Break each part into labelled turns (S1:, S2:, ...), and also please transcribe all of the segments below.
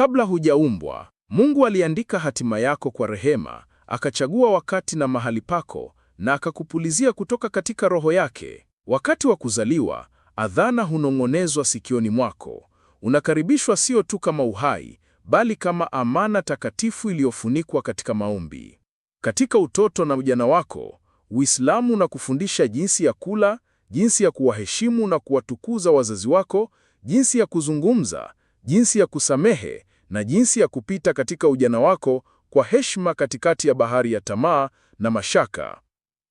S1: Kabla hujaumbwa, Mungu aliandika hatima yako kwa rehema, akachagua wakati na mahali pako, na akakupulizia kutoka katika roho yake. Wakati wa kuzaliwa, adhana hunong'onezwa sikioni mwako. Unakaribishwa sio tu kama uhai, bali kama amana takatifu iliyofunikwa katika maombi. Katika utoto na ujana wako, Uislamu unakufundisha jinsi ya kula, jinsi ya kuwaheshimu na kuwatukuza wazazi wako, jinsi ya kuzungumza, jinsi ya kusamehe na jinsi ya kupita katika ujana wako kwa heshima katikati ya bahari ya tamaa na mashaka.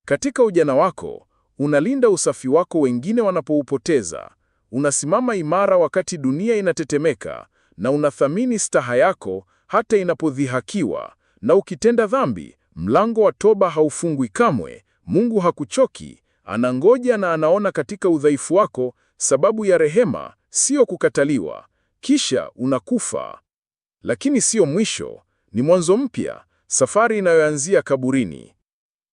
S1: Katika ujana wako unalinda usafi wako wengine wanapoupoteza, unasimama imara wakati dunia inatetemeka, na unathamini staha yako hata inapodhihakiwa. Na ukitenda dhambi, mlango wa toba haufungwi kamwe. Mungu hakuchoki, anangoja na anaona katika udhaifu wako sababu ya rehema, sio kukataliwa. Kisha unakufa lakini sio mwisho, ni mwanzo mpya, safari inayoanzia kaburini.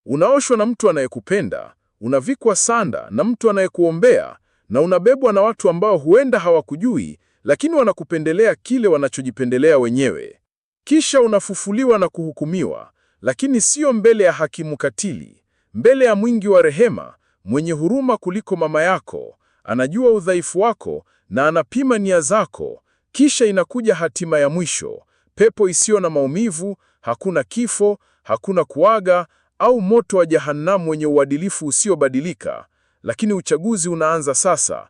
S1: Unaoshwa na mtu anayekupenda, unavikwa sanda na mtu anayekuombea, na unabebwa na watu ambao huenda hawakujui, lakini wanakupendelea kile wanachojipendelea wenyewe. Kisha unafufuliwa na kuhukumiwa, lakini siyo mbele ya hakimu katili, mbele ya mwingi wa rehema, mwenye huruma kuliko mama yako. Anajua udhaifu wako na anapima nia zako. Kisha inakuja hatima ya mwisho, pepo isiyo na maumivu, hakuna kifo, hakuna kuaga au moto wa jahanamu wenye uadilifu usiobadilika. Lakini uchaguzi unaanza sasa.